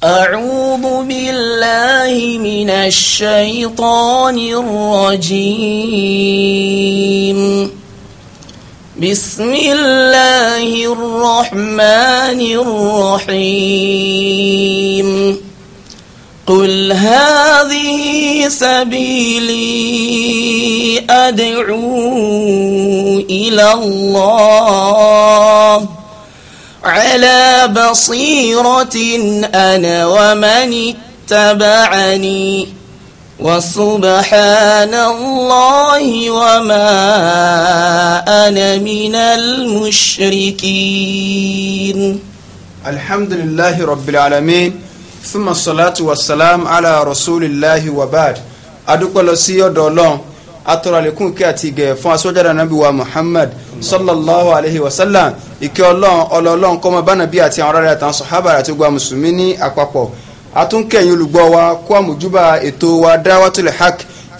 أعوذ بالله من الشيطان الرجيم بسم الله الرحمن الرحيم قل هذه سبيلي أدعو إلى الله على بصيرة أنا ومن اتبعني وسبحان الله وما أنا من المشركين الحمد لله رب العالمين ثم الصلاة والسلام على رسول الله وبعد adúpẹ́ lọ sí ọ̀dọ̀ ọlọ́run atọ́rọ̀ àlékún kí àti محمد sallallahu alayhi wa sallam ìkẹ́ ọlọ́run ọlọ́run kọ́mọ bá nàbí àti àwọn aráàlú àtàwọn sọ̀hábà àti gbogbo mùsùlùmí ní àpapọ̀ àtúnkẹ́yìn olùgbọ́ wa kó àmójúbà ètò wa dáwàtul haq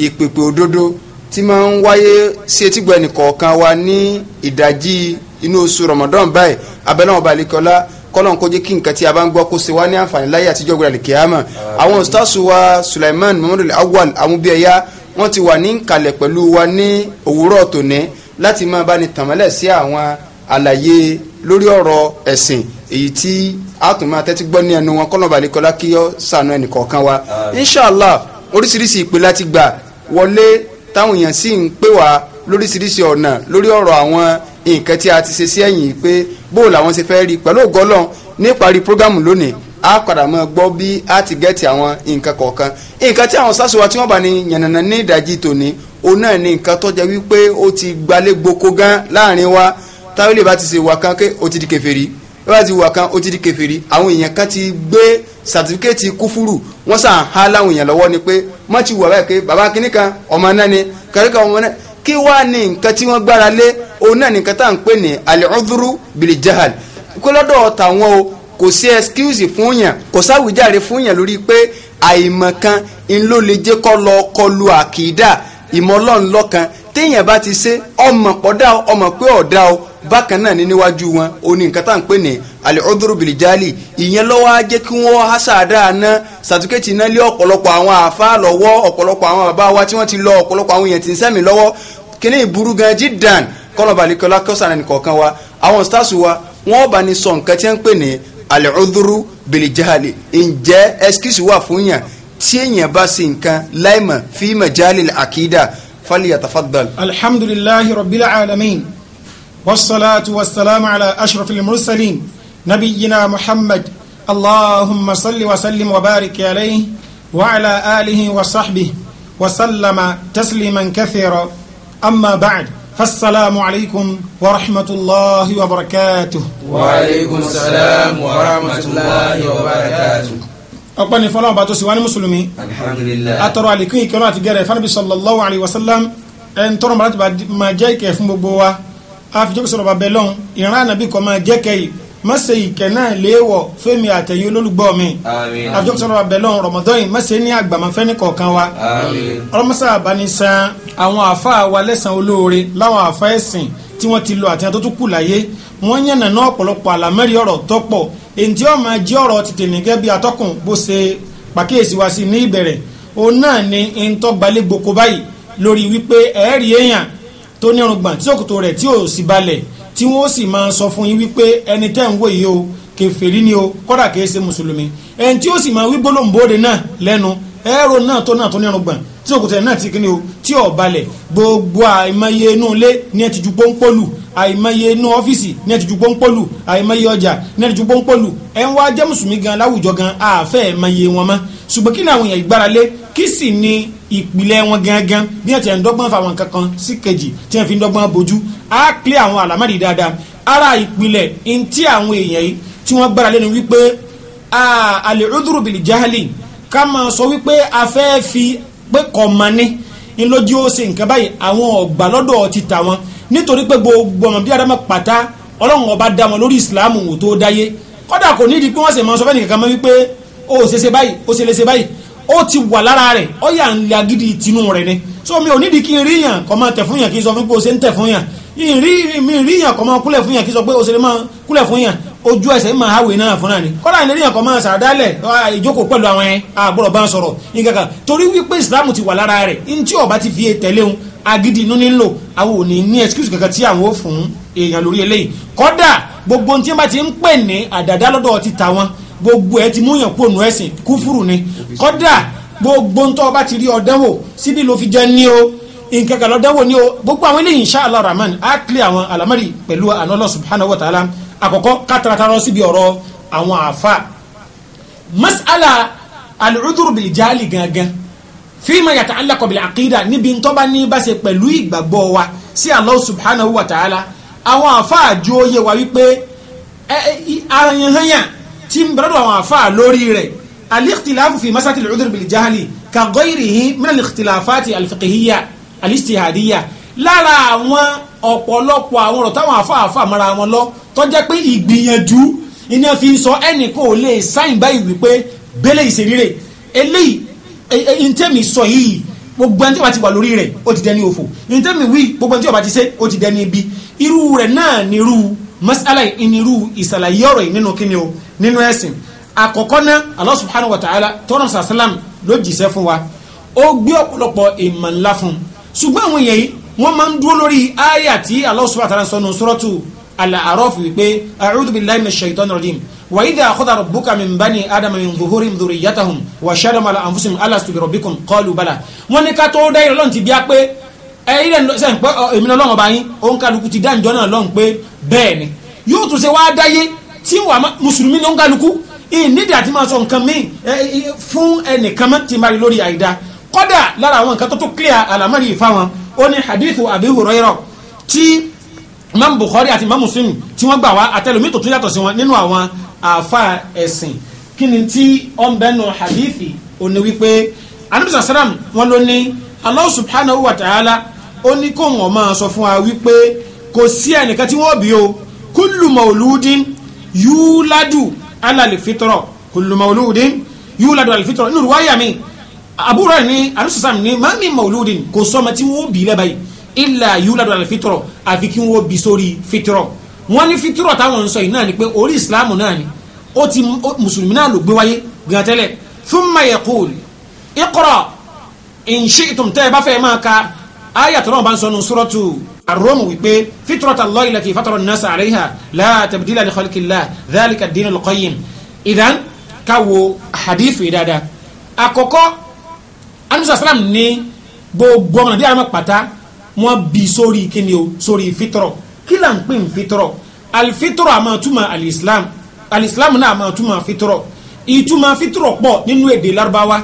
ìpèpè òdodo tí máa ń wáyé sí etígbọ̀ ẹnìkọ̀ọ̀kan wa ní ìdajì inú oṣù ramadan báyìí abẹ́lẹ́ wọn balẹ̀ kọ́lá kọ́lọ́n kó jẹ́ kí nǹkan tí a bá ń gbọ́ kó ṣe wá ní àǹfààní láyé àtijọ́ gbọ́dọ̀ kíyámà àwọn ustaasu wa Sulaiman Muhammadu Awwal amúbíẹ̀yà wọ́n ti wà ní kalẹ̀ pẹ̀lú wa ní òwúrọ̀ tòní láti máa bá ní tàmọ́lẹ̀ sí àwọn àlàyé lórí ọ̀rọ̀ ẹ̀sìn èyí tí a tún máa tẹ́tí gbọ́ ní ẹnu wọn kọ́nà kí ó sànú ẹnì wa inshallah oríṣiríṣi ìpè láti gbà wọlé táwọn èèyàn sì ń pè wá lóríṣiríṣi ọ̀nà lórí ọ̀rọ̀ àwọn nǹkan tí a ti ṣe sí ẹ̀yìn pé bó làwọn ṣe fẹ́ rí pẹ̀lú ògọ́lọ́n ní ìparí prógámù lónìí a padà máa gbọ́ bí a ti gẹ́tì àwọn nǹkan kọ̀ọ̀kan nǹkan tí àwọn sásùwà tí wọ́n bá ní yànnànà ní ìdajì tòní òun náà ní nǹkan tó wípé ó ti gbalé gboko gan láàrin wa táwọn ilé bá ti ṣe wà kan pé ó ti di kèfèrí bí wọ́n ti wà kan ó ti di kèfèrí àwọn èèyàn kan ti gbé sàtífíkẹ́ẹ̀tì kúfúrù wọ́n sàn há láwọn èèyàn lọ́wọ́ ni pé má ti wà báyìí pé bàbá kínní kan ọmọ náà ni kàríkà ọmọ náà kí wàá ní nǹkan tí wọ́n gbára lé òun náà ní nǹkan tá à ń pè ní al-udhru bil-jahl kó tàwọn o kò sí excuse fún yàn kò sáwìjáre fún yàn lórí pé àìmọ̀kan ń ló lè jẹ́ kọ́ lọ kọlu àkìdá ìmọ̀ ọlọ́run lọ́kan téèyàn bá ti ṣe ọmọ pọ̀dá ọmọ pé ọ̀dá o bákan náà ní níwájú wọn o nǹkan tá à ń pè ní alẹ́ọ́dúró bìlìjálì ìyẹn lọ́wọ́ á jẹ́ kí wọ́n há sáadáa ná sàtúkẹ́tì iná lé ọ̀pọ̀lọpọ̀ àwọn àáfàá lọ́wọ́ ọ̀pọ̀lọpọ̀ àwọn bàbá wa tí wọ́n ti lọ ọ̀pọ̀lọpọ̀ àwọn èèyàn ti ń sẹ́mi lọ́wọ́ kíní ìburú gan jídàn kọ́nà balẹ̀kọ́lá kọ́sàn-án nìkọ̀ọ̀kan wa àwọn stars wa wọ́n bá ní sọ nǹkan tí wọ́n ń pè ní alẹ́ọ̀dúró bìlìjáàlì ǹjẹ́ ẹ́skísì wà fún yàn tí èèyàn bá ṣe nǹkan láìmọ̀ fíìmọ̀ jáàlì àkídà falyatafaddal. alhamdulilahi rabbil alamin wasalaatu wasalaamu ala ashrafil mursalin nabiyina muhammad allahumma salli wa sallim wa barik alayhi wa ala alihi wa sahbihi wa sallama tasliman kathira amma ba'd. فالسلام عليكم ورحمة الله وبركاته وعليكم السلام ورحمة الله وبركاته ọpẹ́ni fọlọ́wọ́n bá tó sì wá ní mùsùlùmí alhamdulillah atọrọ àlékún ìkẹ́rọ àti gẹ̀rẹ̀ fanabi sallallahu alayhi wa sallam ẹni tọrọ bàtà bá máa jẹ́ ìkẹ́ fún gbogbo wa a fi jókòó sọ̀rọ̀ bàbẹ̀ lọ́hùn ìran ànàbí kọ́ máa jẹ́ kẹ́yì má ṣe ìkẹ́ náà léèwọ̀ fẹ́mi àtẹ̀yìn olólùgbọ́ mi a sọ̀rọ̀ bàbẹ̀ lọ́hùn rọmọdọ́yìn má ṣe ní àgbàmọ́fẹ́ni kọ̀ọ̀kan wa àwọn àfa wa lẹ́sàn olóore láwọn àfa ẹ̀sìn tí wọ́n ti lọ àti àtọ́ tó kù láyé wọ́n yànnà náà ọ̀pọ̀lọpọ̀ àlámẹ́rì ọ̀rọ̀ tọ́pọ̀ èyí tí ó máa ọ̀rọ̀ tètè nìkẹ́ bí atọ́kùn bó ṣe pàkíyèsí wa sí ní ìbẹ̀rẹ̀ òun náà ni ń tọ́gbalẹ̀ gboko báyìí lórí wípé ẹ̀ẹ́rì èèyàn tó ní irùngbọ̀n tí òkòtò rẹ̀ tí ò sì balẹ̀ tí wọ́n sì máa sọ fún yín wípé ẹni tẹ́ ń wò yìí o kèfèrí ni o kódà kìí ṣe mùsùlùmí ẹni tí ó sì máa wí gbólóǹbóde náà lẹ́nu ẹ̀rọ náà tó náà tó ní irùngbọ̀n tí òkúta ẹ̀ náà ti kíni o tí ò balẹ̀ gbogbo àìmọye inú ilé ní ẹ ti ju pọ́npọ́lù àìmọye inú ọ́fíìsì ní ẹ ti ju pọ́npọ́lù àìmọye ọjà ní ẹ ti ju pọ́npọ́lù ẹ̀ ń wá jẹ́ mùsùlùmí gan láwùjọ gan àfẹ́ ẹ̀mọye wọn mọ́ ṣùgbọ́n kí ni àwọn èèyàn ìgbára kí sì ni ìpìlẹ̀ wọn gangan bí wọ́n ti ń dọ́gbọ́n fáwọn kankan sí kejì tí wọ́n fi ń dọ́gbọ́n bójú á kílẹ̀ àwọn àlámọ́dì dáadáa ara ìpìlẹ̀ ntí àwọn èèyàn yìí tí wọ́n gbára ni wípé àlè ọdúró bìlì jáhálì Kama máa sọ wípé a fẹ́ fi pé kọ̀ mọ́ ni ńlójú ó ṣe nǹkan báyìí àwọn ọ̀gbà lọ́dọ̀ ti tà wọn nítorí pé gbogbo ọmọ bí adama pàtá ọlọ́run ọba dá wọn lórí ìsìláàmù wò tó dáyé kódà kò nídìí pé wọ́n sì máa sọ fẹ́ni kankan mọ́ wípé ó ṣe ṣe báyìí ó ṣe lè ṣe báyìí ó ti wà lára rẹ̀ ó yà ń lé agídí tinú rẹ̀ ni so mi ò nídìí kí n rí yàn kọ́ máa tẹ̀ fún yàn kí n sọ fún pé ó ṣe ń tẹ̀ fún yàn mi rí yàn kọ́ máa kúlẹ̀ fún yàn kí n sọ pé ó ṣe lè máa kúlẹ̀ fún yàn ojú ẹsẹ̀ máa hàwé náà fúnra ni kọ́lá ìléríyàn kan máa sàdálẹ̀ ìjókòó pẹ̀lú àwọn ẹ̀ àgbọ̀rọ̀ bá ń sọ̀rọ̀ nǹkankan torí wípé ìsìlámù ti wà lára rẹ̀ ntí ọba ti fi tẹ̀lé òun agídí inú nílò àwọn ò ní ní excuse kankan tí àwọn ò fún èèyàn lórí eléyìí kọ́dà gbogbo ohun tí wọ́n bá ti ń pè ní àdàdá lọ́dọ̀ ti ta wọn gbogbo ẹ ti múyàn kó nu ẹ̀sìn kúfúrú ni kọ́dà gbogbo ohun ọba ti rí ọ̀dánwò síbi ló fi jẹ́ ní o nǹkankan lọ́dánwò ní o gbogbo àwọn eléyìí insha rahman á clear àwọn àlámọ́rì pẹ̀lú àná Allah subhanahu wa ta'ala àkọ́kọ́ kátàrátà lọ síbi ọ̀rọ̀ àwọn àfa mas'ala alùdúró bìlì jáàlì gangan fíìmà yàtà alákọ̀ bìlì àkídà níbi ntọ́ba ní bá ṣe pẹ̀lú ìgbàgbọ́ wa sí Allah subhanahu wa ta'ala àwọn àfa àjò oyè wa wípé arayanhanya tí ń bẹ̀rẹ̀ àwọn àfa lórí rẹ̀ al-ikhtilafu fi mas'alati alùdúró bìlì jáàlì ka ghayrihi min al-ikhtilafati al-fiqhiyya al àwọn ọ̀pọ̀lọpọ̀ àwọn ọ̀rọ̀ táwọn àfààfà mara wọn lọ tó jẹ́ pé ìgbìyànjú iná fi ń sọ ẹnìkan ò lè sáyìn báyìí wípé bẹ́lẹ̀ ìṣerére eléyìí ntẹ́mi sọ yìí gbogbo ẹni tí wàá ti wà lórí rẹ̀ ó ti dẹni òfò ntẹ́mi wí gbogbo ẹni tí wàá ti ṣe ó ti dẹni ibi irú rẹ̀ náà nírú masala ìnirú ìsàlàyé ọ̀rọ̀ yìí nínú kíni o nínú ẹ̀sìn àkọ́kọ́ náà Allah subhanahu wa ta'ala tọ́nà sàlám ló jìṣẹ́ fún wa ó gbé ọ̀pọ̀lọpọ̀ ìmọ̀ ńlá fún ṣùgbọ́n àwọn èèyàn yìí wọ́n máa ń dúró lórí àyà tí Allah subhanahu wa ta'ala sọnù suratu al-A'raf wípé a'udhu billahi minash shaitanir rajim wa idha akhadha rabbuka min bani adama min zuhurihim dhurriyyatahum wa shahadahum ala anfusihim alastu bi rabbikum qalu bala wọ́n ní ká tó dá ìrọ̀lọ́n ti bí a pé ẹ̀yin lẹ́nu sẹ́yìn pé èmi náà lọ́wọ́ bá yín òun kálukú ti dá ìjọ náà lọ́hùn pé bẹ́ẹ̀ ni yóò tún ṣe wá dáyé tí wà mùsùlùmí ló ń kálukú ìnídìí àti máa sọ nǹkan míì fún ẹnìkan ti máa rí lórí àìda kọ́dà lára àwọn nǹkan tó tó clear àlámọ́rí ìfáwọn ó ní hadithu Abi Hurairah tí imam Bukhari àti imam Muslim tí wọ́n gbà wá àtẹlómi tó tún yàtọ̀ sí wọn nínú àwọn àfa ẹ̀sìn kí ni tí ọ̀nbẹ́nu hadithi ó ní wípé anabi sàsàràm wọn ló ní Allah subhanahu wa ta'ala ó ní kó wọn máa sọ fún wa wípé kò sí ẹnìkan tí wọ́n bí o kullu mauludin yúládù alàlè fitrọ kullu yúládù alàlè fitrọ nínú ìwáyà mi àbúrò ní alùsùsàm ní mami mauludin kò sọmọ tí wọ́n bí lẹ́bàá yìí illa yuladu ala fitrọ àfi kí wọ́n bí sórí fitrọ wọ́n ní fitrọ táwọn ń sọ yìí náà ni pé orí ìsìláàmù náà ni ó ti mùsùlùmí náà ló gbé wáyé gan tẹ́lẹ̀ thumma yaqul iqra in shi'tum tẹ́ ẹ bá fẹ́ máa ka ayatollah wọn bá ń sọ nù suratu الروم ويبي فطرة الله التي فطر الناس عليها لا تبديل لخلق الله ذلك الدين القيم إذا كو حديث إدادا أكوكو alimusa salam ni gbogbo ọmọ nàbí àmọ pàtà wọn bí sórí kíni o sórí fitrọ kí là ń pè ń fitrọ alifitrọ àmọ túmọ̀ alislam alislam náà àmọ túmọ̀ fitrọ ìtumọ̀ fitrọ pọ̀ nínú èdè Lárúbáwá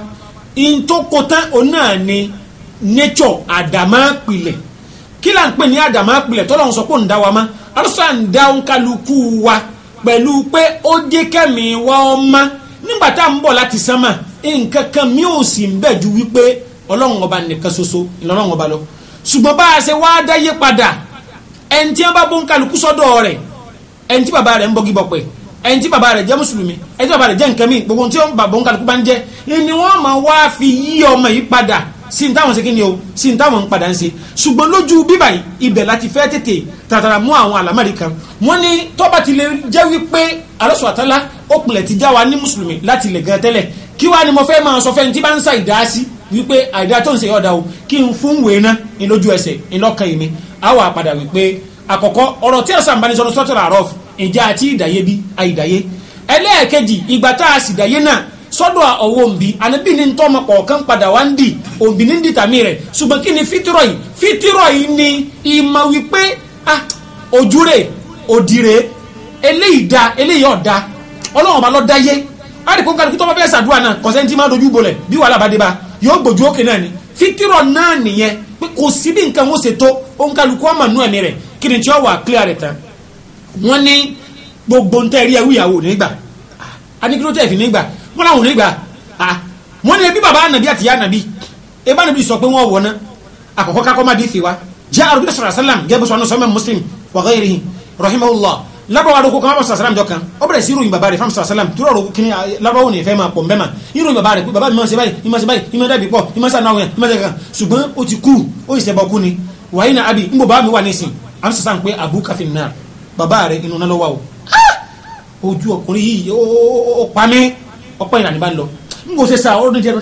ìntókòtán ni nature àdàmà pilẹ̀ kí là ń pè ní àdàmà pilẹ̀ tọ́lọ̀ ń sọ pé wa mọ́ arúsà ń dá ń kálukú wa pẹ̀lú pé ó jẹ́ kẹ́mi wá ọmọ nígbà tá à ń bọ̀ nǹkan kan mi ò sì ń bẹ̀ ju wípé ọlọ́run ọba nìkan ṣoṣo ìlọ́run ọba lọ ṣùgbọ́n bá a ṣe wá dáyé padà ẹni tí wọ́n bá bó ń kálukú sọ́dọ̀ rẹ̀ ẹni tí bàbá rẹ̀ ń bọ́gí bọ̀pẹ̀ ẹni tí bàbá rẹ̀ jẹ́ mùsùlùmí ẹni tí bàbá rẹ̀ jẹ́ nǹkan mi gbogbo tí wọ́n bá bó ń kálukú bá ń jẹ́ ni wọ́n máa wá fi yí ọmọ yìí padà sí ní táwọn ṣe kí ni o sí ní táwọn ń padà ń ṣe ṣùgbọ́n lójú bíbà ibẹ̀ láti fẹ́ tètè tàtàrà mú àwọn àlámàrí kan wọ́n ní tọ́ba ti lè jẹ́ wípé alásùwàtálá ó pilẹ̀ ti já wa ní mùsùlùmí láti ilẹ̀ gan tẹ́lẹ̀ kí wàá ni mo fẹ́ máa sọ fẹ́ni tí bá ń sa ìdásí wípé àìdá tó ń ṣe ọ̀dà o kí n fún wèé ná ní lójú ẹsẹ̀ ní lọ́kàn èmi àwọn àpàdà wípé àkọ́kọ́ ọ̀rọ̀ tí ẹ̀sán bá ní sọ́nù sọ́tọ̀ àárọ̀ ìjà àti ìdàyé bí àìdàyé ẹlẹ́ẹ̀kejì ìgbà tá a sì dàyé náà sọ́dọ̀ ọ̀wọ́ òǹbí ànábì ní tọ́mọ kọ̀ọ̀kan padà wá ń dì òǹbí ní dìtàmí rẹ̀ ṣùgbọ́n kí ni fítírọ̀ yìí fítírọ̀ yìí ni ìmọ̀ wípé ah ojúre òdìrè eléyìí da eléyìí ọ̀dà ọlọ́run ọba ló dáyé a rí kó kálukú tó bá fẹ́ sàdúrà náà kọ̀sẹ́ ti máa dojú bolẹ̀ bí wàhálà bá dé bá yóò gbòjú òkè náà ni fíkírọ̀ náà nìyẹn pé kò sí bí nǹkan ó ṣe tó òun kálukú ọmọ nú ẹ̀mí rẹ̀ kí ni tí ó wà clear rẹ̀ tán wọ́n ní gbogbo ń tẹ́ rí ẹrú ìyàwó nígbà anigbótẹ́ ìfì nígbà wọ́n làwọn nígbà wọ́n ní ebi bàbá ànàbí àti ànàbí ebi ànàbí sọ pé wọ́n wọ̀ ná àkọ́kọ́ kakọ́ má dé fi wa jẹ́ àrùbí sọ̀rọ̀ sálàm gẹ́gẹ́ bí sọ́nà muslim wa ghayrihi rahimahullah labawo adoko kan abasu asalam jọkan ó bẹ̀rẹ̀ sí baba rẹ̀ famusu asalam turu ọ̀rọ̀ kini labawo ni fẹ́ ma pọ̀ nbẹ ma ìròyìn baba rẹ̀ baba mi ma ṣe báyìí mi ma ṣe báyìí mi ma dàbí pọ̀ mi ma ṣe anáwó yẹn mi ma ṣe kankan ṣùgbọ́n ó ti kú ó yìí ṣẹbọ kú ni wàyí na abi n bò bá mi wà nísìn amusu asalam pé abu kafin náà baba rẹ̀ inú náà lọ wà o ojú ọkùnrin yìí ó pa mí ọ̀pọ̀ ìlànà ìbá ń lọ n ah, kò ṣe sa ọdún díẹ̀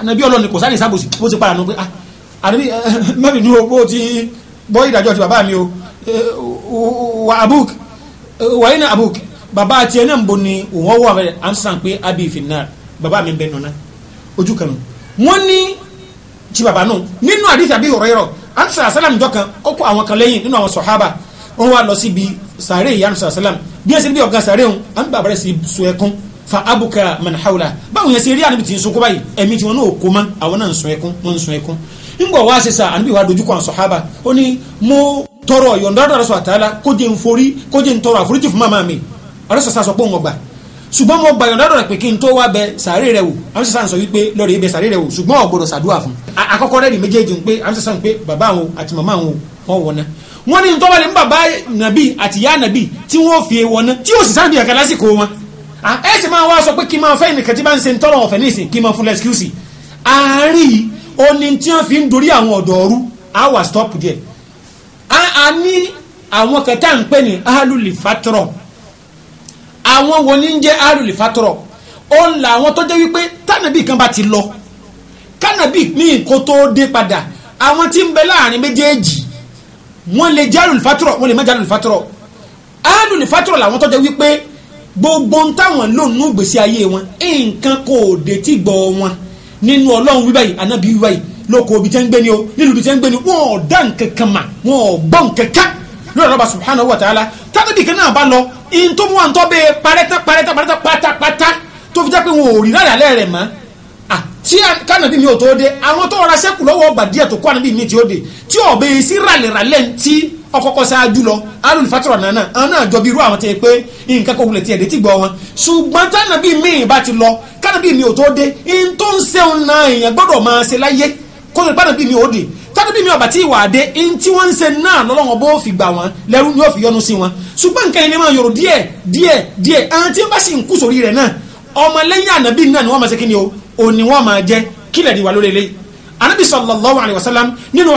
anabi ọlọ́ni kò sáni sábòsì ó ti para nù pé ah anabi mẹ́rin ni o bó ti bọ́ Eh, wà abúk eh, wà yín abúk bàbá àti ẹ̀ náà ń bo ni wọ́n wà rẹ̀ ansan pé abi ìfìnnà bàbá mi bẹ́ẹ̀ nùnà ojú kan wọ́n ní ti bàbá náà nínú àdìsí àbí ọ̀rọ̀ yẹrọ ansa asalam jọ kan ó kó àwọn kan lẹ́yìn nínú àwọn sọ̀hábà wọ́n wá lọ síbi sàárè ìyá ansa asalam bí ẹsẹ̀ bí ọ̀gá sàárè òun à ń bàbá rẹ̀ sí so ẹkún fa abuka man hawla báwo yẹn ṣe rí àníbi tí ń sunkún báyìí ẹ̀mí tí wọn náà kó mọ́ àwọn náà ń sun ẹkún wọ́n ń ẹkún ńgbọ̀ wá ṣe sá àníbi wàá dojú kọ àwọn sọ̀hábà ó ní mo tọrọ yọ̀ǹda ọ̀dọ̀ Rasul àtàlà kó jẹ́ n forí kó jẹ́ n tọrọ àforíjì fún màmá mi ọ̀rẹ́ sọ̀sà sọ pé òun ọgbà ṣùgbọ́n mo gbà yọ̀ǹda ọ̀dọ̀ rẹ̀ pé kí n tó wá bẹ sàárè rẹ̀ wò amúṣe sàn sọ wípé lọ́ọ̀rẹ́ ibẹ̀ sàárè rẹ̀ wò ṣùgbọ́n ò gbọ́dọ̀ ṣàdúrà fún akọ́kọ́ rẹ̀ rí méjèèjì pé amúṣe sàn pé bàbá àwọn àti màmá àwọn wọn wọ̀ ná wọn ní tọ́ba lè ń bàbá nàbì àti ìyá nàbì tí wọ́n fi wọn ná tí yóò sì sáàbì àkàlà sí kó wọn. ẹ sì máa wá sọ pé kí máa fẹ́ nìkan tí bá ń ṣe ń tọrọ ọ̀fẹ́ nísìn kí máa fún lẹ́sikúsì. àárín oní tí wọ́n fi ń dorí àwọn ọ̀dọ́ ọ̀rú á wà stop there a ní àwọn kan tá à ń pè ní alulifatrọ àwọn wo ni ń jẹ́ alulifatrọ ó ń la àwọn tó jẹ́ wípé tánàbí kan bá ti lọ kánàbí míì kó tó dé padà àwọn tí ń bẹ láàrin méjèèjì wọ́n lè jẹ́ alulifatrọ wọ́n lè má jẹ́ alulifatrọ alulifatrọ làwọn tó jẹ́ wípé gbogbo ń táwọn lónìí gbèsè ayé wọn nǹkan kò dé tí gbọ́ wọn nínú ọlọ́run wíwáyìí ànábì wíwáyìí lóko ibi tẹ́ ń gbé ni o nílùú ibi tẹ́ ń gbé ni wọ́n ò dá nǹkan kan mà wọ́n ò gbọ́ nǹkan kan lórí ọlọ́ba subhanahu wa ta'ala tábìlì kan náà bá lọ in tó mú wa ń tọ́ bẹ́ẹ̀ parẹ́tà parẹ́tà parẹ́tà pátápátá tó fi jẹ́ pé wọn ò rí rárá lẹ́rẹ̀ mọ́ tí kánàbí mi ò tó dé àwọn tó rọra sẹ́kù lọ́wọ́ ọgbà díẹ̀ tó kó ànábì mi tí ó dé tí ọ̀bẹ sí ràlẹ̀ràlẹ̀ ń tí ọkọ̀kọ̀ ṣáájú lọ alùpùpù fatọ́rọ̀ nànà àwọn náà jọ bí irú àwọn tẹ̀ pé nǹkan kò wulẹ̀ tiẹ̀ dé ti gbọ́ wọn ṣùgbọ́n tánàbí mi bá ti lọ kánàbí mi ò tó dé n ń ṣeun náà èèyàn gbọ́dọ̀ máa ṣe láyé kó lè gbádùn bí mi ò dé tádùn bí mi ọ̀bà tí ìwà àdé ntí wọ́n ń ṣe náà lọ́lọ́wọ́n bó fi gbà wọ́n lẹ́rú ni yóò fi yọnu sí wọn ṣùgbọ́n nǹkan ẹni máa yòrò díẹ̀ díẹ̀ díẹ̀ àwọn tí wọ́n bá sì ń kú sórí rẹ̀ náà ọmọlẹ́yìn ànábì náà ni wọ́n máa ṣe kí ni o ò ní wọ́n máa jẹ́ kílẹ̀ ni wà lórí eléyìí anabi sallallahu alayhi wa sallam nínú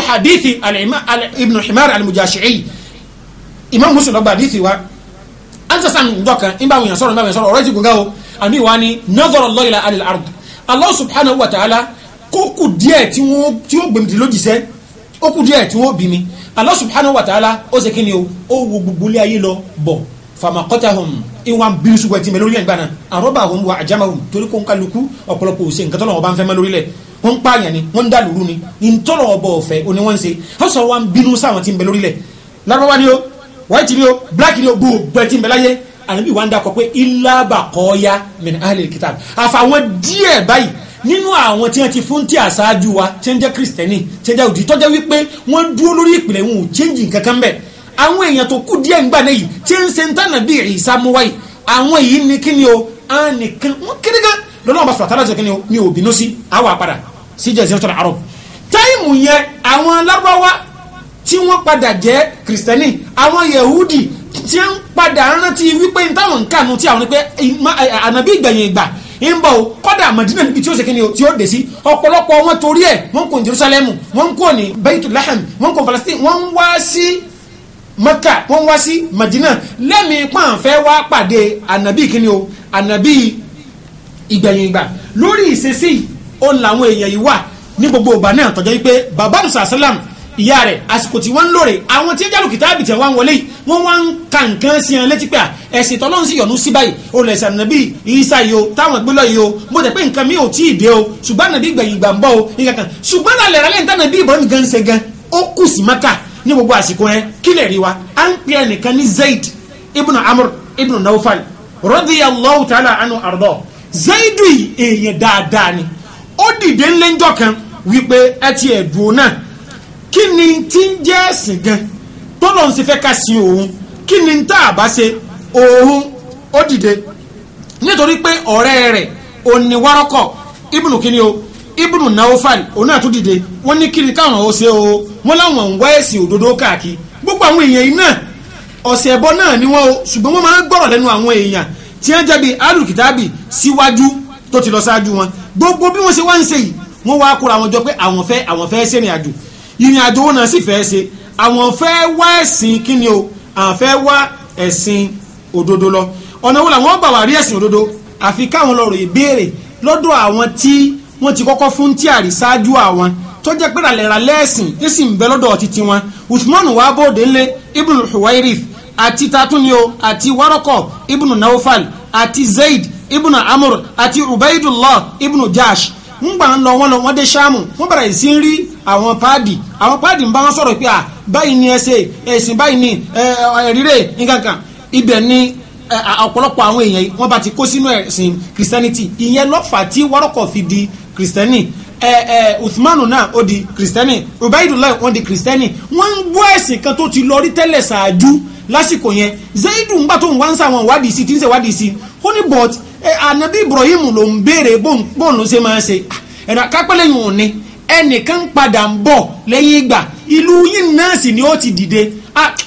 kó kù díẹ̀ tí wọ́n tí ó gbèmìtì lójíṣẹ́ ó kù díẹ̀ tí wọ́n bí mi subhanahu wa ta'ala ó ṣe kíni o ó wo gbogbo ilé ayé lọ bọ̀ famakotahum iwọn bínú sugbọn tí mi lórí ẹgbàá náà àrọ́bà òun wa àjàmáhùn torí kó ń kálukú ọ̀pọ̀lọpọ̀ òsè nǹkan tọ́lọ̀ ọba ń fẹ́ mọ́ lórílẹ̀ wọ́n ń pààyàn ni wọ́n ń dà lóru ni ntọ́lọ̀ ọba ọ̀fẹ́ òní wọ́n ń ṣe ọ̀sọ̀ wa ń bínú sáwọn tí ń bẹ lórílẹ̀ larabawa ni o white ni o black ni o bó gbẹ tí ń bẹ láyé ànábì wa ń dakọ̀ pé ilá bàkọ́ ya min àfàwọn díẹ̀ báyìí nínú àwọn tí wọ́n ti fún tí àṣáájú wa tí wọ́n jẹ́ kristẹni tí wọ́n jẹ́ òdì tọ́jọ́ wípé wọ́n dúró lórí ìpìlẹ̀ wọn ò change nǹkan kan bẹ́ẹ̀ àwọn èèyàn tó kù díẹ̀ ń gbà náà yìí tí ń ṣe ń tànà bí ìsàmúwáyì àwọn yìí ni kí ni o á nìkan wọ́n kéré gan lọ́nà ọba sọ̀rọ̀ tálọ́sẹ̀ kí ni o ní òbínú sí àwọn àpàdà sí jẹ́ ìṣẹ́ ìṣẹ́ àrọ̀ táìmù yẹn àwọn lárúbáwá ń bọ̀ o kọ́dà Madina níbi tí ó sèkéni o tí ó dé sí ọ̀pọ̀lọpọ̀ wọn torí ẹ̀ wọ́n kò ní Jerusalem wọ́n kò ní Baitul Laham wọ́n kò Palestine wọ́n wá sí Mecca wọ́n wá sí Madina lẹ́mìí pàǹfẹ́ wá pàdé ànàbí kíni o anabi ìgbẹ̀yìn ìgbà lórí ìṣesí òun làwọn èèyàn yìí wà ní gbogbo ìgbà náà tọ́jọ́ wípé bàbá àdùsà sálàmù ìyá rẹ̀ àsìkò tí wọ́n ń lòrè àwọn tí ń jálù kìtàbì tí wọ́n wọlé yìí wọ́n wá ń ka nǹkan sí ẹn létí pé ẹ̀sìn tọ́lọ́run sì yọ̀nú sí báyìí olùsàn nàbí ìsà yìí o táwọn gbé lọ o bó tẹ̀ pé nǹkan mi ò tí ì dé o ṣùgbọ́n nàbí gbẹ̀yìn gbà ń bọ̀ o nǹkan ṣùgbọ́n àlẹ́ rẹ̀ lẹ́yìn tánàbí ìbọn gan ṣe gan ó kù sí maka ní gbogbo àsìkò yẹn kí Zaid ibn Amr ibn Nawfal radiyallahu ta'ala anhu ardo Zaidu èèyàn dáadáa ni ó dìde ńlẹ́njọ́ kan wípé ẹ ti ẹ̀ náà kí ni tí ń jẹ́ ẹ̀sìn gan tọ́lọ̀ ń ṣe fẹ́ ká sin òun kí ni tá a bá ṣe òun ó dìde nítorí pé ọ̀rẹ́ rẹ̀ òní wárọ́kọ̀ ibùnú kíni o ibùnú naofal òun náà tún dìde wọ́n ní kiri káwọn ó ṣe o wọ́n láwọn ń wá ẹ̀sìn òdodo káàkiri gbogbo àwọn èèyàn iná ọ̀sẹ̀ ẹ̀bọ náà ni wọ́n o ṣùgbọ́n wọ́n máa ń gbọ́rọ̀ lẹ́nu àwọn èèyàn tí wọ́n jẹ́ bí alùkìtàbì síwájú tó ti lọ ṣáájú wọn gbogbo bí wọ́n ṣe wá ń ṣe yìí wọ́n wá kóra wọn jọ pé àwọn fẹ́ àwọn fẹ́ ṣèrìn àjò ìrìn àjò wọn náà sì fẹ́ ṣe àwọn fẹ́ wá ẹ̀sìn kíni o àwọn fẹ́ wá ẹ̀sìn òdodo lọ ọ̀nà wo làwọn gbà wá rí ẹ̀sìn òdodo àfi káwọn lọ rò ìbéèrè lọ́dọ̀ àwọn tí wọ́n ti kọ́kọ́ fún tí àrí ṣáájú àwọn tó jẹ́ pé ràlẹ́ra lẹ́ẹ̀sìn tí sì ń bẹ lọ́dọ̀ títí wọn Usman wa bóde ńlẹ̀ ibn Huwairith àti tatunio àti waroko ibn Nawfal àti Zaid ibn amur àti Ubaidullah ibn Jash ńgbà ń lọ wọ́n lọ wọ́n dé ṣáàmù wọ́n bẹ̀rẹ̀ sí ń rí àwọn páàdì àwọn páàdì ń bá wọn sọ̀rọ̀ pé à báyìí ni ẹsẹ̀ ẹ̀sìn báyìí ni ẹ̀rírẹ̀ nǹkankan ibẹ̀ ni ọ̀pọ̀lọpọ̀ àwọn èèyàn wọ́n bá ti kó sínú ẹ̀sìn christianity ìyẹn lọ́fà tí wọ́rọ́kọ̀ fi di christianity ẹ ẹ uthmanu náà ó di kristẹni ubaidulayi wọ́n di kristẹni wọ́n ń gbọ́ ẹ̀sìn kan tó ti lọ rí tẹ́lẹ̀ ṣáájú lásìkò yẹn zaidu ńgbà tó ń wá ń sàwọn wádìí sí tí ń ṣe wádìí sí ó ní but ànábì Ibrahim ló ń béèrè bóun ló ṣe máa ṣe ẹ̀rọ akápẹ́lẹ́ yìí ò ní ẹnìkan padà ń bọ̀ lẹ́yìn ìgbà ìlú yìí náà sì ni ó ti dìde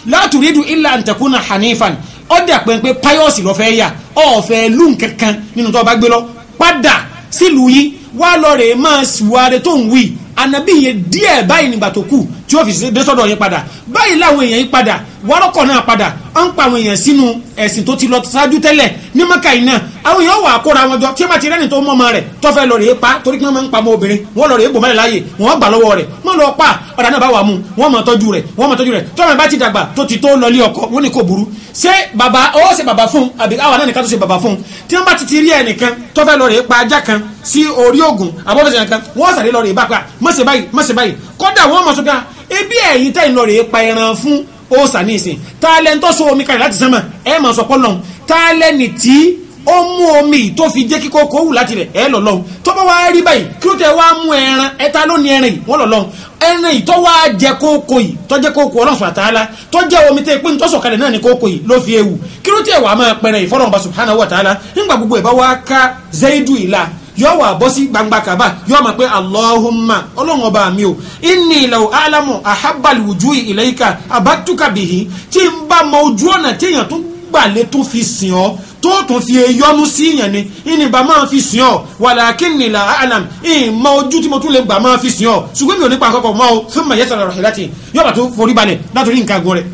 látùrídùn ilà ntẹ̀kùnà hanifan ọ̀dà pẹ́ńpẹ́ pius lọ́fẹ́ yà ọ̀fẹ́ lùn kankan nínú tó bá gbé lọ padà sílùú yìí wá lọ rè máa sùwárẹ̀ tó ń wí ànábì yẹn díẹ̀ báyìí nígbà tó kù tí ó fi dé sọ́dọ̀ yẹn padà báyìí láwọn èèyàn yìí padà wárọ́kọ̀ náà padà ó ń pa àwọn èèyàn sínú ẹ̀sìn tó ti lọ ṣáájú tẹ́lẹ̀ ní mọ́kà yìí náà àwọn èèyàn wà á kóra wọn jọ tí wọ́n ti rẹ́ni tó mọ́ ọmọ rẹ̀ tó lọ rèé pa torí pé wọ́n máa ń pa ọmọ obìnrin wọ́n lọ rèé bòmọ́lẹ̀ láàyè wọ́n gbà lọ́wọ́ rẹ̀ wọ́n lọ pa ọ̀dà náà bá wà mú wọ́n máa tọ́jú rẹ̀ wọ́n máa tọ́jú rẹ̀ tọ́mọ bá ti dàgbà tó ti tó lọlé ọkọ wọ́n ní kò burú ṣé bàbá ó ṣe bàbá fún àbí àwọn náà nìkan ti ti rí ẹnìkan tó fẹ́ lọ rèé pa ajá kan sí orí ògùn àbọ̀fẹ́sẹ̀ nìkan wọ́n sàré lọ rèé bá pa ebi ẹ̀yin tẹ̀yìn lọ rèé pa ẹran ó sà ní ìsìn taalẹ̀ tó so omi kalẹ̀ láti sánmà ẹ máa sọ pọ́nlọ́n taalẹ̀ ní tí ó mú omi tó fi jẹ́ kíkọ́ kó wù láti rẹ̀ ẹ lọ lọ́hùn tó bá wá rí báyìí kí ló tẹ̀ wá mú ẹran ẹta ló ní ẹran yìí wọ́n lọ lọ́hùn ẹran yìí tó wá jẹ kókó yìí tó jẹ kókó ọlọ́run fàtàlà tó jẹ omi tẹ pé ntọ́sọ̀ kalẹ̀ náà ní kókó yìí ló fi ewu kí ló tẹ̀ wá máa pẹ̀rẹ̀ ìfọ́nrán ọba subhanahu wa ta'ala nígbà gbogbo ẹ̀ wá ká zaidu ìlà yọ wà bọ́ sí gbangba kaba yọ ma pé Allahumma ọlọ́run ọba mi o inni law alamu ahabbal wujuhi ilayka abatuka bihi tí n bá mọ ojú ọ̀nà téèyàn tó gbàlẹ́ tó fi sìn ọ́ tó tún fi yọnu sí yẹn ni ìnìbà máa fi sìn ọ walakinni la alam ìmọ̀ ojú tí mo tún lè gbà máa fi sìn ọ ṣùgbọ́n mi ò nípa àkọ́kọ́ mọ́ o fún mi yẹn sọ̀rọ̀ rẹ̀ láti yóò forí balẹ̀ látòrí nǹkan àgọ́ rẹ̀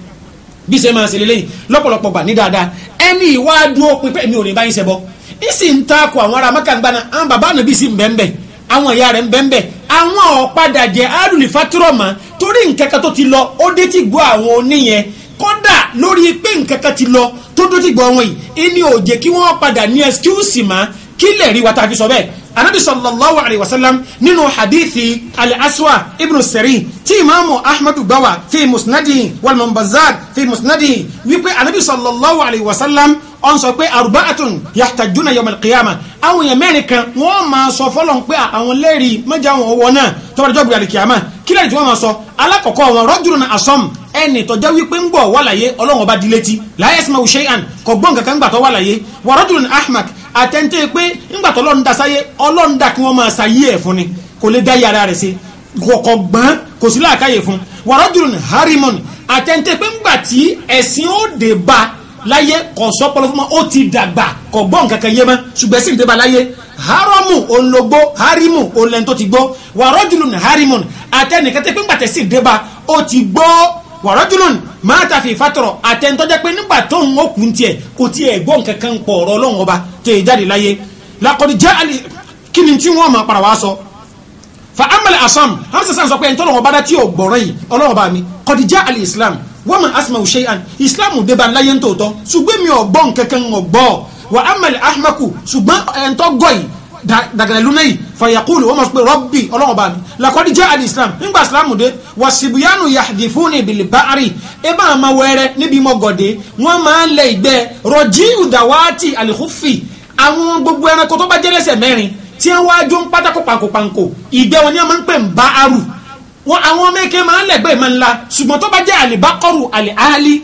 bí ṣe máa ṣe lélẹ́yìn lọ́pọ̀lọpọ̀ gbà ní dáadáa ẹni ìwádùn ó pin pé mi ò ní báyìí ṣe bọ́ ìsì ń takò àwọn ará mọ́kàngbáná àwọn bàbá ànábì sì ń bẹ́ńbẹ́ àwọn ìyá rẹ̀ ń bẹ́ńbẹ́ àwọn ọ̀padà jẹ́ alùlì fatúrọ̀mà torí nǹkan kan tó ti lọ ó dé ti gbọ́ àwọn oníyẹn kódà lórí pé nǹkan ti lọ tó dé ti gbọ́ wọn yìí ìní ò kí wọ́n padà ní ẹsikúùsì mọ́ kí lè rí wa tá fi sọ bẹ́ẹ̀ anabi sallallahu alayhi wa sallam nínú hadithi al-aswa ibn sari tí imaamu ahmadu gbawa fi musnadi walmanbazad fi musnadi wípé anabi sallallahu alayhi wa sallam ọ̀n sọ pé arba'atun yahtajuna yawm al-qiyamah àwọn èèyàn mẹ́rin kan wọ́n máa sọ fọlọ́n pé àwọn lẹ́rìí mẹ́jọ àwọn ọwọ́ náà tọ́bàdàjọ́ bìrì àlìkìyàmà kí lẹ́yìn tí wọ́n máa sọ alákọ̀ọ́kọ́ wọn rajulun asam ẹnì tọ́já wípé ń gbọ́ wà láyé ọlọ́run ọba dilẹ́tì la yasma'u shay'an kò gbọ́n kankan gbàtọ́ wà láyé wa rajulun ahmak àtẹ̀ntẹ́ pé ńgbàtọ́ ọlọ́run da sáyé ọlọ́run kí wọ́n máa sáyé ẹ̀ fún ni kò lè dá yàrá rẹ̀ sí kọ̀ọ̀kọ̀ gbọ́n kò sí láàkáyè fún wa rajulun harimon àtẹ̀ntẹ́ pé ńgbà ẹ̀sìn ó dé bá láyé kò sọ pọlọ fún ma ó ti dàgbà kò gbọ́ nǹkan yé ma ṣùgbọ́n sì ń débà láyé haramu ológbó harimu olẹ́ni tó ti gbọ́ wàrọ́jùlùn harimun àtẹnìkẹ́tẹ́ pé ńgbà tẹ̀sí débà ó ti gbọ́ wàrọ́jùlùn máa ta fi fatọ̀rọ̀ àtẹnitọ́jẹ́ pé nígbà tó ń ó kun tiẹ̀ kò tiẹ̀ gbọ́ nǹkan pọ̀ ọ̀rọ̀ ọlọ́run ọba tẹ̀ jáde láyé lakọ̀dí jẹ́ àlè kí ni tí wọ́n máa para wá sọ fa amẹ́lẹ̀ asam hamsa sàn sọ pé ẹni tọ́lọ́run ọba dá tí ò gbọ̀rọ̀ mi kọ̀dí jẹ́ islam wọ́n mọ̀ asma ò ṣe àn islam débà ńláyé ń tòótọ́ ṣùgbọ́n mi ò gbọ́ nkankan ò gbọ́ wà á ahmaku ṣùgbọ́n ẹ̀ńtọ́ gọ́yì dàgàlẹ̀ lúnà yìí fàyàkúlù wọ́n mọ̀ pé rọ́bì ọlọ́run bá mi làkọ́dí jẹ́ àdì islam ńgbà islam de, wà sibuyanu yahdi fún ní ìbìlì báárì ẹ bá àmà wẹrẹ níbi mọ gọ̀dé wọ́n máa ń lẹ ìgbẹ́ rọ̀jí ìdàwátì àlìkúfì àwọn gbogbo ẹranko tó bá jẹ́lẹ́sẹ̀ mẹ́rin tí wọ́n wá jó pátákó pàǹkó pàǹkó ìgbẹ́ wọn ni wọ́n máa ń pè ń bá àrù wọn àwọn ọmọ eke máa ń lẹ̀gbẹ́ ìmọ̀ ńlá ṣùgbọ́n tó bá jẹ́ àlìbákọ́rù àlìhálí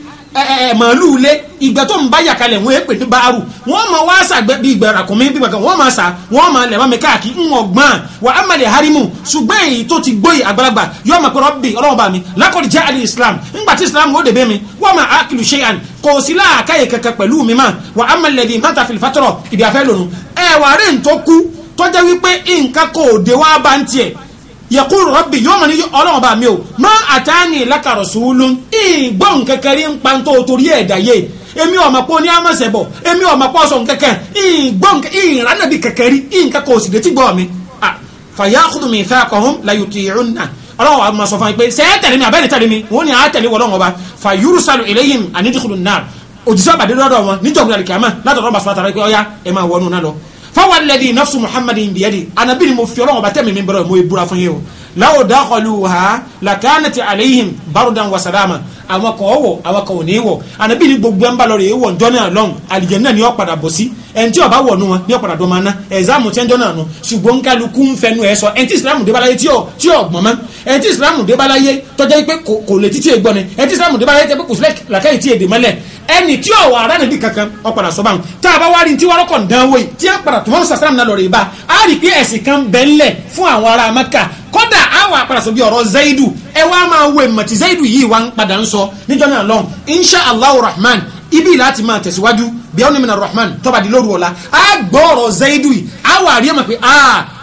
màálù ilé ìgbà tó ń bá yàkalẹ̀ wọ́n èpè ní baaru wọ́n máa wá sàgbẹ́ bí ìgbà ràkùnmí bí gbàgbọ́ wọ́n máa sà wọ́n máa lẹ̀ káàkiri ń wọ̀n gbọ́n wà á malẹ̀ harimu ṣùgbọ́n èyí tó ti gbóyè àgbàlagbà yóò máa pẹ̀rọ bí ọlọ́wọ́ mi lákòrò jẹ́ àlè islam ńgbà tí islam ó dèbè mi wọ́n máa akilu ṣe àn kò sí láàkáyè kankan pẹ̀lú mi mà wà á malẹ̀ bí mọ́ta filifatọ́rọ̀ ìdí afẹ́ lónìí ẹ̀ wà á yẹkúrò rọ́bì yóò mọ̀ ní ọlọ́run bá mi o má àtàní lákàrọ̀ sùúlùn ìgbọ́n kékeré ń pa tó torí ẹ̀dá yé èmi ọ̀mà pọ̀ ní amọ̀sẹ̀ bọ̀ èmi ọ̀mà pọ̀ sọ̀n kẹ̀kẹ́ ìgbọ́n ìrànàbí kẹ̀kẹ́rí nǹkan kò sì létí gbọ́ mi. fàyàkùn mi fẹ́ akọ̀hún láyò tí ìrún náà ọlọ́run àwọn sọ fún mi pé ṣé ẹ tẹ̀lé mi àbẹ́ni tẹ̀lé mi wọ́n ní àtẹ̀lé wọlọ́run ọba fàyúrùsàlù ìlẹ́yìn ànídìkùlù náà òjísọ́ àbàdé lọ́dọ̀ wọn níjọ̀gbìn fáwọn alẹ́ di nafsu muhammadin biyadi anabi ni mo fi ọlọ́wọ́n bá tẹ́ mi mi bọ̀rọ̀ mo ebura fún yín o láwọn dákọlù ha làkànnàtì àlẹyìn barudan wasalama àwọn kan wọ àwọn kan ò ní wọ ànábì ní gbogbo ẹnba lọrọ èèwọ njọ náà lọhùn àlìjẹnà ni ó padà bọ sí ẹn tí ó bá wọ nù wọn ni ó padà dọ máa ná ẹzáàmù tí ẹnjọ náà nù ṣùgbọ́n kálukú ń fẹnu ẹ sọ ẹn tí ìsìlámù débàláyé tí ò tí ò gbọ̀n mọ́ ẹn tí ìsìlámù débàláyé tọ́jà pé kò lè títí ègbọ́n ni ẹn tí ìsìlámù débàláyé tẹ́ pé kò sílẹ̀ làkàyè tí èdè mọ́lẹ̀ ẹni tí ò wà ránàbí kankan ó sọ báwọn tá a bá wá tí wọ́n rọ́kọ̀ ń yìí tí a padà tó wọ́n sàsàràmù náà lọ rè bá a rí pé ẹ̀sìn kan bẹ́ńlẹ̀ fún àwọn ará Mẹ́kà kódà àwọn àpàràsọ bíi ọ̀rọ̀ zaidu ẹ wá máa wo èèmọ̀ tí zaidu yìí wá ń padà ń sọ níjọ́ náà lọ́hùn insha allah rahman ibi láti máa tẹ̀síwájú bí ọ́nà mìíràn rahman tọ́ba di lóru ọ̀la á gbọ́ ọ̀rọ̀ zaidu yìí á wà rí ẹ̀mọ̀ pé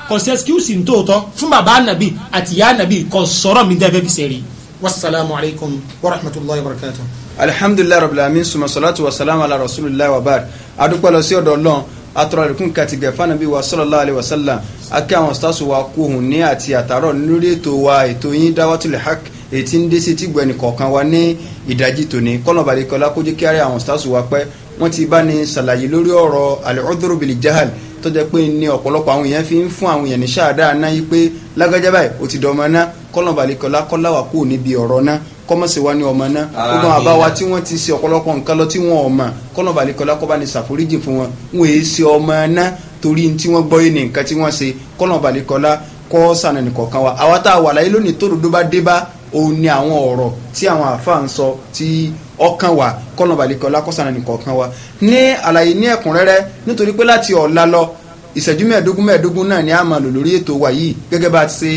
kò sí excuse ní tòótọ́ fún bàbá anabi àti ìyá anabi kò sọ̀rọ̀ mi dẹ́ bẹ́ẹ̀ sẹ́rí wasalaamu alaykum wa rahmatulahi wa barakatuh. alhamdulilayi rabbil alamin suma salatu ala rasulillah wa barak adúpẹ́ lọ atọ́rọ̀lẹ́kùn kàtìgẹ̀ fánàbí wa sallallahu alaihi wasallam akí àwọn stars wa kú òhun ní àti àtàrọ̀ lórí ètò wa ètò yín dáwọ́tul haq ètí ń dé sí tìgbọ̀ ẹnì kọ̀ọ̀kan wa ní ìdajì tòní kọ́nàbàdì kọlá kójú kí ara àwọn stars wa pẹ́ wọ́n ti bá ní ṣàlàyé lórí ọ̀rọ̀ al-udhru bil jahal tó jẹ́ pé ní ọ̀pọ̀lọpọ̀ àwọn èèyàn fi ń fún àwọn èèyàn ní ṣáàdá náà yí pé lágbájá báyìí ó ti dọ̀mọ́ náà kọ́nàbàdì kọlá kọ́láwà kú níbi ọ̀rọ̀ náà kọ́mọ̀sí wa ní ọmọ náà gbogbo àbá wa tí wọ́n ti ṣe ọ̀pọ̀lọpọ̀ nǹkan lọ tí wọ́n ọmọ kọ́nà balẹ̀kọ́lá kọ́ba ní ṣàforíjì fún wọn wọn èé ṣe ọmọ náà torí tí wọ́n gbọ́ yé ní nǹkan tí wọ́n ṣe kọ́nà balẹ̀kọ́lá kọ́ sànà nìkọ̀ọ̀kan wa àwa tá a wà láyé lónìí tó dodo bá dé bá òun ni àwọn ọ̀rọ̀ tí àwọn àfáà ń sọ tí ọkàn wa kọ́nà balẹ̀kọ́lá kọ́ sànà nìkọ̀ọ̀kan wa ní àlàyé ní ẹ̀kúnrẹ́rẹ́ nítorí pé láti ọ̀la lọ ìṣẹ́jú mẹ́ẹ̀ẹ́dógún mẹ́ẹ̀ẹ́dógún náà ni a máa lò lórí ètò wa yìí gẹ́gẹ́ bá a ti ṣe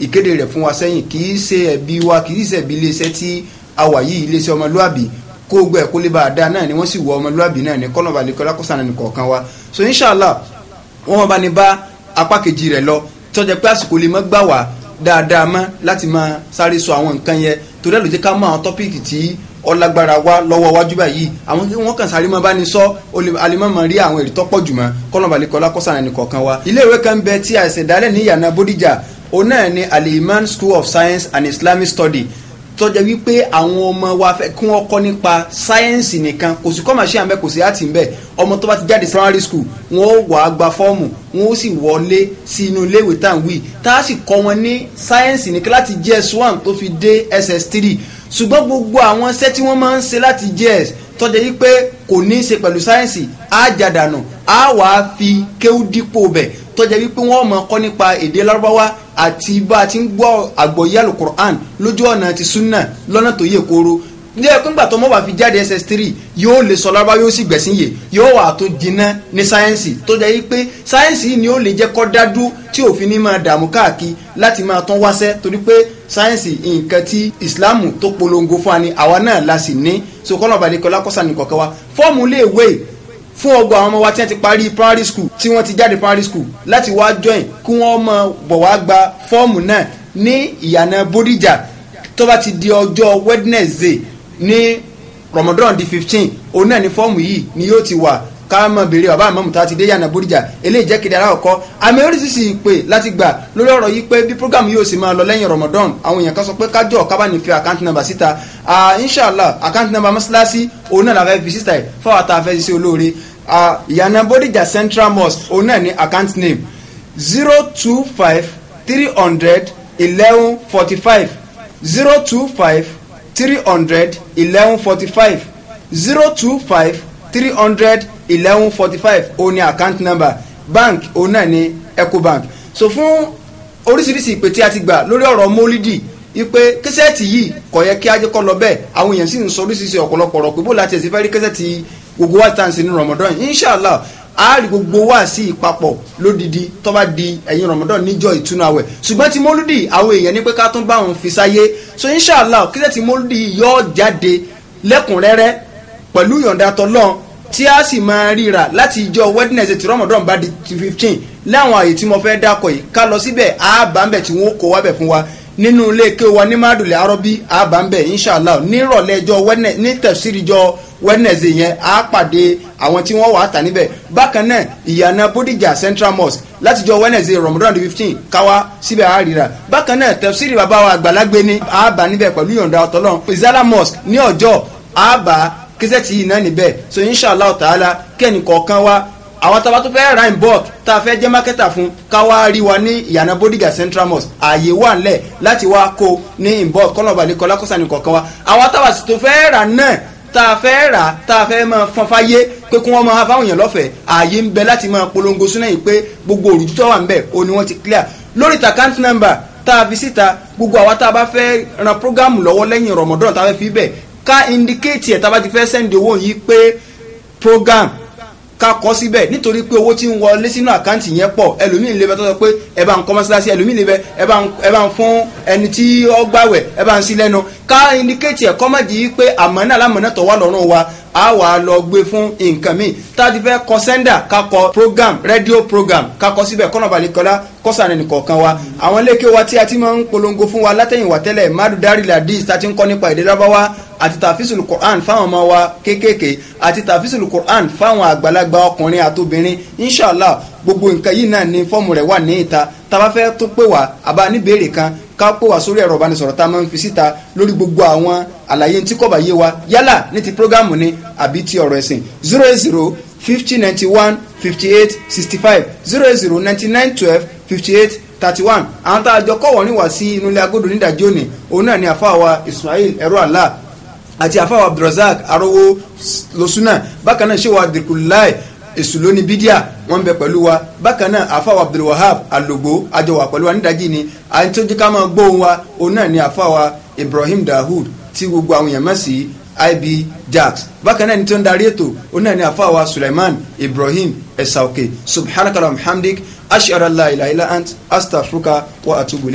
ìkéde rẹ̀ fún wa sẹ́yìn kì í ṣe ẹ̀bi wa kì í ṣe ẹ̀bi iléeṣẹ́ tí a wà yìí iléeṣẹ́ ọmọlúàbí kó gbẹ kó lè bá a dáa náà ni wọ́n sì wọ ọmọlúàbí náà ní kọ́nà balẹ̀ kọ́lá kọ́sàn ní kọ̀ọ̀kan wa so inshallah wọ́n bá ní bá apá kejì rẹ̀ lọ tọ́jà pé àsìkò lè mọ́ gbà wá dáadáa mọ́ láti máa sáré sọ àwọn nǹkan yẹn torí ẹ̀ ká mọ àwọn tọ́píìkì tí ọlágbára wa lọ́wọ́ wájú báyìí àwọn tí wọ́n kàn sáré mọ́ bá ní sọ alimọ́mọ́ rí àwọn èrè tọ́pọ̀ jùmọ́ kọ́nà balẹ̀ kọ́lá kọ́sàn ní kọ̀ọ̀kan wa. iléèwé kan bẹ tí àìsàn ní ìyànà bódìjà òun náà ni al School of Science and Islamic Study tó jẹ́ wípé àwọn ọmọ wa fẹ́ kí wọ́n kọ́ nípa sáyẹ́ǹsì nìkan kò sí kọ́màṣẹ́ àmẹ́ kò sí àti ń ọmọ tó bá ti jáde primary school wọ́n ó wà á gba fọ́ọ̀mù wọ́n ó sì wọlé sí inú iléèwé tá à ń wí tá a sì kọ́ wọn ní sáyẹ́ǹsì nìkan láti JS one tó fi dé SS3 ṣùgbọ́n gbogbo àwọn iṣẹ́ tí wọ́n máa ń ṣe láti JS tó jẹ́ wípé kò ní í ṣe pẹ̀lú sáyẹ́ǹsì á jàdànù á wàá fi kéwú dípò bẹ̀ tó jẹ́ wípé wọ́n mọ̀ kọ́ nípa èdè lárúbáwá àti bá a ti ń gbọ́ àgbọ̀yé alukur'an lójú ọ̀nà ti sunna lọ́nà tó yẹ kóró ní ẹkún gbà tó mọ́ bá fi jáde ss3 yóò lè sọ lárúbáwá yóò sì gbẹ̀sìn yè yóò wà tó jiná ní sáyẹ́nsì tó wípé sáyẹ́nsì ni ó lè jẹ́ kó dájú tí òfin ní máa dààmú káàkiri láti máa tán wáṣẹ́ torí pé sáyẹ́nsì nǹkan tí ìsìláàmù tó polongo fún wa ni àwa náà la sì ní sokọ́nà bàdékọ́lá kọ́sà nìkọ̀kẹ́ wa fọ́ọ̀mù léèwé fún ọgbọ̀n àwọn ọmọ wa tí wọ́n ti parí primary school tí wọ́n ti jáde primary school láti wá join kí wọ́n mọ bọ̀ wá gba fọ́ọ̀mù náà ní ìyànà Bódìjà tó bá ti di ọjọ́ Wednesday ní Ramadan di fifteen òun náà ní fọ́ọ̀mù yìí ni yóò ti wà ká mọ̀ béèrè bàbá àmọ́ mùtá ti dé yànnà bóríjà eléyìí jẹ́ kedere àkọ́kọ́ àmì oríṣiríṣi ìpè láti gbà lórí ọ̀rọ̀ yìí pé bí program yóò sì máa lọ lẹ́yìn Ramadan àwọn èèyàn kan sọ pé kájọ kábàánì fi àkáǹtì nàmbà síta inshallah àkáǹtì nàmbà mọ́ṣáláṣí òun náà la fẹ́ fi síta ẹ̀ fáwọn àtàfẹ́ sí olóore yànnà bóríjà Central Mosque òun náà ní account name zero two five three hundred eleven forty five zero two five three hundred eleven forty five zero two five three hundred eleven forty five òun ni account number bank òun náà ni ecobank so fún oríṣiríṣi ìpè tí a ti gbà lórí ọ̀rọ̀ mólídì ipe kẹsẹ̀tì yìí kò yẹ kí ajẹ́kọ́ lọ bẹ́ẹ̀ àwọn èèyàn sì ń sọ oríṣiríṣi ọ̀pọ̀lọpọ̀ ọ̀rọ̀ pé bó láti ẹ̀sìn fẹ́ kẹsẹ̀tì gbogbo wa tàn sí ní Ramadan inshallah a rí gbogbo wa sí ìpapọ̀ lódìdí tó bá di ẹ̀yìn Ramadan níjọ́ ìtúnu àwẹ̀ ṣùgbọ́n ti mólúdì àwọn èèyàn ní pé ká tún bá wọn fi sáyé so inshallah kẹsẹ̀tì mólúdì yóò jáde lẹ́kùnrẹ́rẹ́ pẹ̀lú yọ̀ǹda tọ́lọ́n tí a sì máa ríra láti ìjọ wednesday tí ramadan bá di fifteen láwọn àyè tí mo fẹ́ dákọ̀ yìí ká lọ síbẹ̀ àbámbẹ̀ tí wọ́n kó wábẹ̀ fún wa nínú ilé kí wa ní mádùlẹ̀ arọ́bí àbámbẹ̀ inshala nírọ̀lẹ́ ẹjọ́ wednesday ní tẹ̀sírí jọ wednesday yẹn á pàdé àwọn tí wọ́n wà á tà níbẹ̀ bákan náà ìyànà bódìjà central mosque látijọ́ wednesday ramadan di fifteen káwa síbẹ̀ á ríra bákan náà tẹ̀sírí bàbá wa àgbàlagbé ni àbá níbẹ̀ pẹ̀lú yọ̀ǹda ọ̀tọ̀lọ́run ìzálà mosque ní ọjọ́ àbá kíṣẹ́ẹ̀tì yìí náà níbẹ̀ so inshallah ta'ala kẹ́ni kọ̀ọ̀kan wa àwọn tá a bá tó fẹ́ ra in bulk tá a fẹ́ jẹ́ mákẹ́tà fún ká wá rí wa ní ìyànà bodiga central mosque ààyè wà ńlẹ̀ láti wá kó ní in bulk kọ́nà balẹ̀ ní kọ̀ọ̀kan wa àwọn tá tó fẹ́ rà náà tá a fẹ́ rà tá a fẹ́ máa fọn fáyé pé kí wọ́n máa fáwọn èèyàn lọ́fẹ̀ẹ́ ààyè ń bẹ láti máa polongo súná yìí pé gbogbo òrùjú tó wà ń bẹ̀ òní wọ́n ti clear lórí tàkántì nọ́mbà tá a fi síta gbogbo àwa tá a bá fẹ́ ran prógámù lọ́wọ́ lẹ́yìn rọmọdọ́n tá a fẹ́ fi bẹ̀ ká indicate ẹ̀ tábà ti fẹ́ send owó yìí pé program ká kọ́ síbẹ̀ nítorí pé owó tí ń wọlé sínú àkáǹtì yẹn pọ̀ ẹlòmíì ń lebẹ́ tó sọ pé ẹ bá ń kọ́ mọ́sálásí ẹlòmíì ń lebẹ́ ẹ bá ń fún ẹni tí ó gbàwẹ̀ ẹ bá ń sí lẹ́nu ká indicate ẹ̀ kọ́mọ̀dì yìí pé àmọ́ náà lámọ̀ náà tọ̀ wá lọ́rùn wa a wà lọ gbé fún nǹkan míì tá fẹ́ kọ sẹ́ńdà kakọ program rédíò program kakọ síbẹ̀ kọ́nà balẹ̀kọ́lá kọ́sàn ẹnì kọ̀ọ̀kan wa àwọn iléeké wa tí a ti máa ń polongo fún wa látẹ̀yìnwá tẹ́lẹ̀ madu darila di ta ti ń kọ́ nípa èdè lábáwá àti tàfísùlù quran fáwọn ọmọ wa kéékèèké àti tàfísùlù quran fáwọn àgbàlagbà ọkùnrin àtobìnrin inshallah gbogbo nǹkan yìí náà ni fọ́ọ̀mù rẹ̀ wà ní ìta tá fẹ́ tún pè wá àbá níbèrè kan ká pò wá sórí ẹ̀rọ ìbánisọ̀rọ̀ tá a máa ń fi síta lórí gbogbo àwọn àlàyé tí kò bá yé wa yálà ní ti programu ni àbí ti ọ̀rọ̀ ẹ̀sìn zero eight zero fifty ninety one fifty eight sixty five zero eight zero ninety nine twelve fifty eight thirty one àwọn tá a jọ kọ́ wọ́n ní wá sí inú ilé agodo nídàájọ́ òní òun náà ni àfa wa Ismail ẹ̀rọ àlá àti àfáwà abdulrasaq arówó losuna bákan náà ṣéwà adìkúláì èṣù lónìí bídíà wọ́n ń bẹ pẹ̀lú wa bákan náà àfàwọ̀ abdulwahab alogbo àjọwà pẹ̀lú wa nídàájí ni àyìn tó jẹ́ ká máa gbóhùn wa òun náà ni àfàwọ̀ ibrahim dahoud tí gbogbo àwọn èèyàn mọ̀ sí ib jax bákan náà ni tó ń darí ètò òun náà ni àfàwọ̀ suleiman ibrahim ẹ̀sàòkè subhanakala muhammadik ashara la ilaha illa ant astaghfiruka wa atubu